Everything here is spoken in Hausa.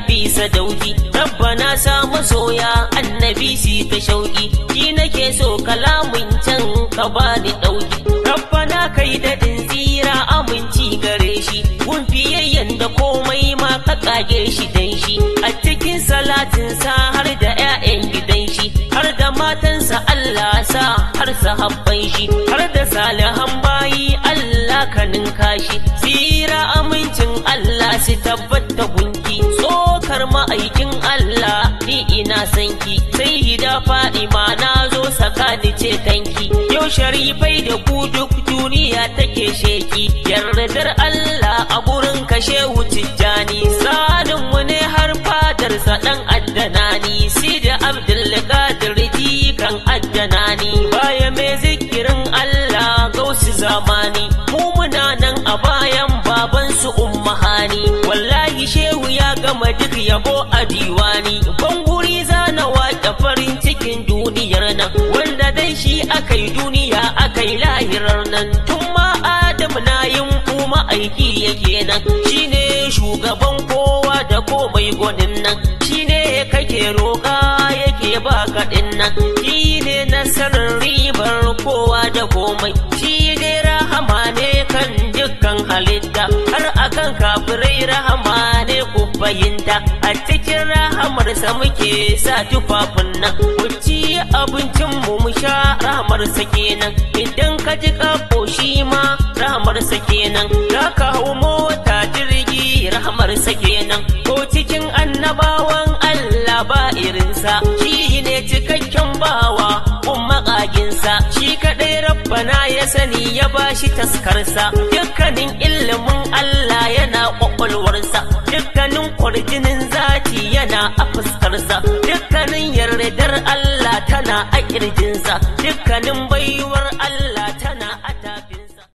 annabi sadauki rabbana sa masoya annabi si ta shauki shi nake so kalamun can ka bani dauki rabbana kai daɗin tsira aminci gare shi gun fiyayyen da komai ma ka kage shi dan shi a cikin salatin sa har da 'ya'yan gidan shi har da matansa ma ma'aikin Allah ni ina sanki sai hida fa'ima na zo ni ce tanki yau sharifai da ku duk duniya take sheki yardar Allah a gurin kashe tijjani sanin mu ne har fadarsa dan addanani si da Abdul Qadir kan addanani baya mai zikirin Allah gausu zamani mu muna nan a bayan baban su ummahani wallahi Ka duk yabo a diwani banguri za na waƙe farin cikin duniyar nan wanda dai shi akai duniya akai lahirar nan tun ma adam na yin kuma aiki yake nan shine shugaban kowa da komai gwanin nan shine kake roƙa yake ba kaɗin nan shine nasarar ribar kowa da komai shi ne fahimta a cikin rahamarsa muke sa tufafin nan mu ci abincin mu mu sha rahamarsa kenan idan ka ji kafo shi ma rahamarsa kenan za ka hau mota jirgi rahamarsa kenan ko cikin annabawan Allah ba irinsa shi ne cikakken bawa kun shi kaɗai rabbana ya sani ya bashi taskarsa dukkanin ilimin Allah yana ƙwaƙwalwarsa dukkanin kwarjinin zaki yana a fuskarsa dukkanin yardar Allah tana a kirjinsa dukkanin baiwar Allah ta.